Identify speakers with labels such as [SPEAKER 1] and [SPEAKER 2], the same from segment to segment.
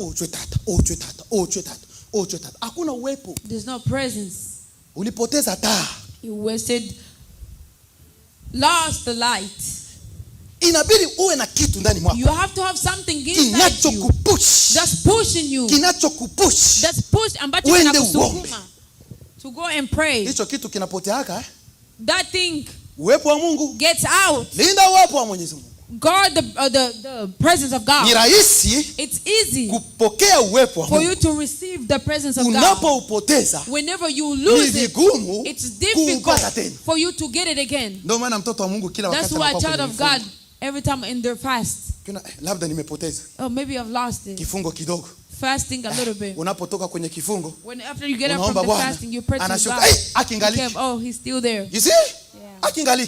[SPEAKER 1] Oh, oh, oh,
[SPEAKER 2] There's no presence. You wasted lost the light.
[SPEAKER 1] Inabidi uwe na kitu ndani
[SPEAKER 2] You have to have something inside you. pushing you. push To go and pray.
[SPEAKER 1] kitu kinapoteaka. Eh?
[SPEAKER 2] That thing.
[SPEAKER 1] Uwepo wa Mungu.
[SPEAKER 2] Gets out.
[SPEAKER 1] Linda uwepo wa
[SPEAKER 2] guard the, uh, the, the presence of God.
[SPEAKER 1] It's
[SPEAKER 2] easy for you to receive the presence of
[SPEAKER 1] God.
[SPEAKER 2] Whenever you lose
[SPEAKER 1] it, it's
[SPEAKER 2] difficult for you to get it again.
[SPEAKER 1] That's
[SPEAKER 2] why a child of God, every time in their fast,
[SPEAKER 1] eh,
[SPEAKER 2] oh, maybe I've lost
[SPEAKER 1] it.
[SPEAKER 2] Fasting a little bit. Eh,
[SPEAKER 1] When
[SPEAKER 2] after you get up from the fasting, you pray to God.
[SPEAKER 1] "Hey, eh, akingaliki." came,
[SPEAKER 2] oh, he's still there. You
[SPEAKER 1] see? Yeah.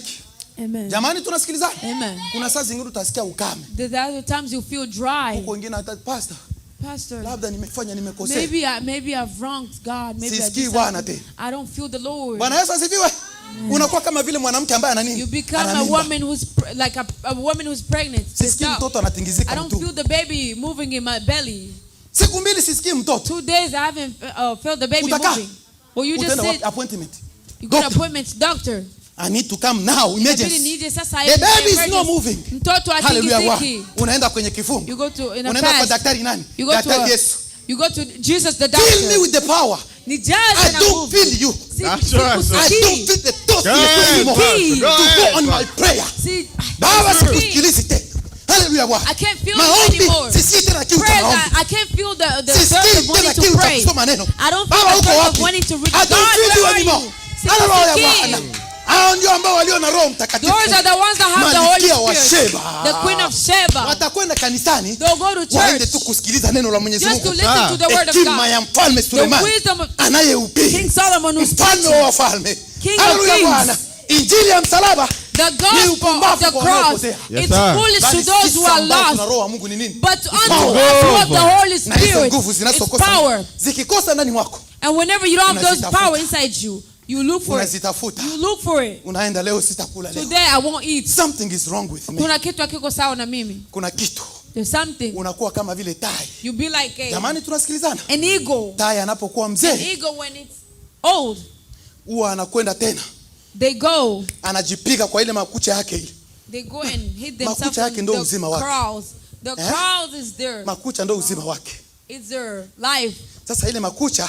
[SPEAKER 1] Amen. Jamani tunasikiliza? Amen. Kuna saa zingine utasikia ukame.
[SPEAKER 2] The other times you feel dry.
[SPEAKER 1] Huko wengine hata pastor. Pastor. Labda nimefanya nimekosea.
[SPEAKER 2] Maybe I, maybe I've wronged God. Maybe
[SPEAKER 1] Sisikii Bwana te.
[SPEAKER 2] I don't feel the Lord.
[SPEAKER 1] Bwana Yesu asifiwe. Unakuwa kama vile mwanamke ambaye ana nini?
[SPEAKER 2] You become a woman who's like a, a woman who's pregnant.
[SPEAKER 1] Sisikii mtoto anatingizika.
[SPEAKER 2] I don't feel the baby moving in my belly.
[SPEAKER 1] Siku mbili sisikii mtoto.
[SPEAKER 2] Two days I haven't uh, felt the baby Utaka. moving. Well, you just said appointment. You got appointment doctor.
[SPEAKER 1] I need to come now. Emergency. The baby is not moving.
[SPEAKER 2] Hallelujah.
[SPEAKER 1] Unaenda kwenye kifungo.
[SPEAKER 2] You go to in a Unaenda
[SPEAKER 1] kwa daktari nani?
[SPEAKER 2] You go daktari to a, You go to Jesus the doctor.
[SPEAKER 1] Fill me with the power.
[SPEAKER 2] I
[SPEAKER 1] don't feel you.
[SPEAKER 3] That's I don't
[SPEAKER 1] feel the thirst To go on my prayer. Baba sikusikilizi tena. Hallelujah.
[SPEAKER 2] I can't feel it anymore.
[SPEAKER 1] I
[SPEAKER 2] can't feel the, the thirst of wanting to pray. I don't feel the thirst of wanting to read. I don't
[SPEAKER 1] feel you anymore. Hallelujah hao ndio ambao walio na Roho Mtakatifu,
[SPEAKER 2] Malkia wa Sheba.
[SPEAKER 1] Watakwenda kanisani waende tu kusikiliza neno la Mwenyezi
[SPEAKER 2] Mungu, hekima
[SPEAKER 1] ya mfalme Sulemani anayehubiri, mfalme wa wafalme.
[SPEAKER 2] Haleluya Bwana!
[SPEAKER 1] Injili ya msalaba
[SPEAKER 2] The gospel of the cross yes, it's foolish to those who are lost. But unto us who have the Holy Spirit, it's power. And whenever you don't have those power inside you, You look for it. You look for it.
[SPEAKER 1] leo sitakula
[SPEAKER 2] leo. Today I won't eat.
[SPEAKER 1] Something is wrong with me.
[SPEAKER 2] Kuna kitu sawa na mimi. Kuna kitu. There's something.
[SPEAKER 1] Unakuwa kama vile tai.
[SPEAKER 2] You be like a
[SPEAKER 1] Jamani tunasikilizana?
[SPEAKER 2] An ego.
[SPEAKER 1] Tai anapokuwa mzee.
[SPEAKER 2] An ego when it's old.
[SPEAKER 1] Huwa anakwenda tena.
[SPEAKER 2] They go.
[SPEAKER 1] Anajipiga kwa ile makucha yake ile.
[SPEAKER 2] They go and hit themselves. Makucha
[SPEAKER 1] yake ndio uzima wake.
[SPEAKER 2] Crowds. The crowd eh? is there.
[SPEAKER 1] Makucha ndio uzima wake.
[SPEAKER 2] It's their life.
[SPEAKER 1] Sasa ile makucha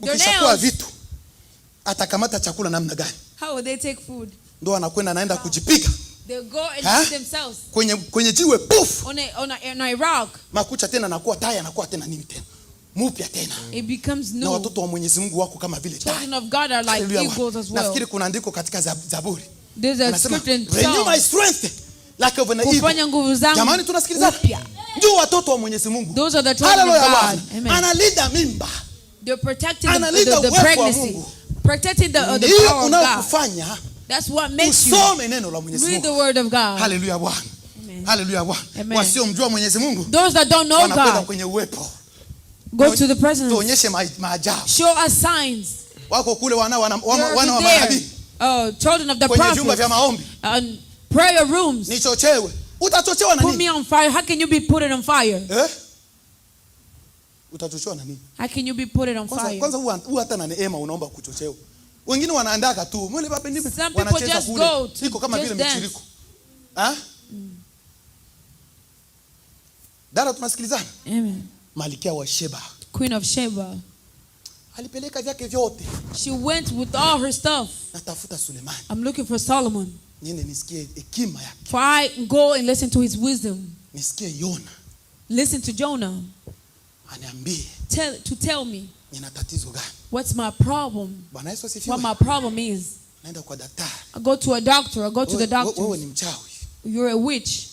[SPEAKER 2] ukishakuwa vitu
[SPEAKER 1] atakamata chakula namna gani?
[SPEAKER 2] How will they take food?
[SPEAKER 1] anakwenda anaenda kujipika.
[SPEAKER 2] They go and themselves.
[SPEAKER 1] Kwenye kwenye jiwe puf
[SPEAKER 2] On a, on a, on a rock.
[SPEAKER 1] Makucha tena anakuwa taya anakuwa tena nini tena? Mupya tena.
[SPEAKER 2] It becomes Na
[SPEAKER 1] watoto wa Mwenyezi Mungu wako kama vile
[SPEAKER 2] taya. Children of God are like eagles as well.
[SPEAKER 1] Nafikiri kuna andiko katika Zaburi.
[SPEAKER 2] Renew
[SPEAKER 1] my strength like of an eagle. Kufanya nguvu zangu. Jamani Ndio watoto wa Mwenyezi Mungu.
[SPEAKER 2] Those are the children of God.
[SPEAKER 1] Analinda mimba.
[SPEAKER 2] They're protecting the pregnancy protecting the, uh, the power of
[SPEAKER 1] God.
[SPEAKER 2] That's what makes you
[SPEAKER 1] neno la Mwenyezi Mungu.
[SPEAKER 2] Read the word of God.
[SPEAKER 1] Hallelujah Bwana. Hallelujah Bwana. Wasiomjua Mwenyezi Mungu.
[SPEAKER 2] Those that don't know
[SPEAKER 1] God. kwenye uwepo.
[SPEAKER 2] Go to the presence.
[SPEAKER 1] Tuonyeshe maajabu.
[SPEAKER 2] Show us signs.
[SPEAKER 1] Wako kule wana wana wa manabii.
[SPEAKER 2] Oh, children of the prophets. Kwenye vyumba vya maombi. Prayer rooms.
[SPEAKER 1] Nichochewe. Utachochewa na nini? Put
[SPEAKER 2] me on fire. How can you be put on fire?
[SPEAKER 1] Eh? utachochewa na nini?
[SPEAKER 2] How can you be put it on fire?
[SPEAKER 1] Kwanza huwa hata na neema unaomba kuchochewa. Wengine wanaandaka tu mwele baba nipe,
[SPEAKER 2] wanacheza kule iko kama vile michiriko
[SPEAKER 1] ah? Mm. Dada, tunasikilizana? Amen. Malkia wa Sheba,
[SPEAKER 2] Queen of Sheba,
[SPEAKER 1] alipeleka vyake vyote.
[SPEAKER 2] She went with all her stuff.
[SPEAKER 1] Natafuta Suleiman.
[SPEAKER 2] I'm looking for Solomon.
[SPEAKER 1] Niende nisikie hekima yake.
[SPEAKER 2] For I go and listen to his wisdom.
[SPEAKER 1] Nisikie Yona.
[SPEAKER 2] Listen to Jonah aniambie tell, to tell me
[SPEAKER 1] nina tatizo gani,
[SPEAKER 2] what's my problem.
[SPEAKER 1] Bwana Yesu asifiwe. What
[SPEAKER 2] my problem is,
[SPEAKER 1] naenda kwa daktari.
[SPEAKER 2] I go to a doctor. I go to the doctor.
[SPEAKER 1] Wewe ni mchawi.
[SPEAKER 2] You're a witch.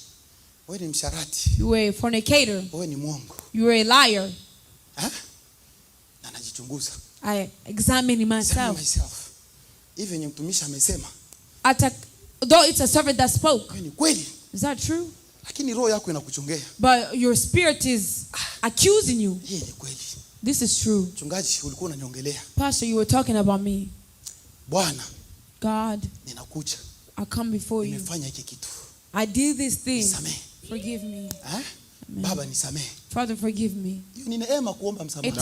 [SPEAKER 1] Wewe ni msharati.
[SPEAKER 2] You're a fornicator.
[SPEAKER 1] Wewe ni mwongo.
[SPEAKER 2] You're a liar. I examine myself.
[SPEAKER 1] myself. mtumishi amesema.
[SPEAKER 2] Hata though it's a servant that spoke. Ni kweli? Is that true?
[SPEAKER 1] lakini roho yako inakuchongea.
[SPEAKER 2] But your spirit is ah. accusing you. Hii ni kweli. This is true.
[SPEAKER 1] Mchungaji ulikuwa unaniongelea.
[SPEAKER 2] Pastor, you were talking about me. Bwana. God. Ninakuja. I come before you.
[SPEAKER 1] Nimefanya hiki kitu.
[SPEAKER 2] I did this thing. Nisamehe. Forgive me.
[SPEAKER 1] Eh? Baba nisamehe.
[SPEAKER 2] Father, forgive me.
[SPEAKER 1] Ni neema kuomba msamaha.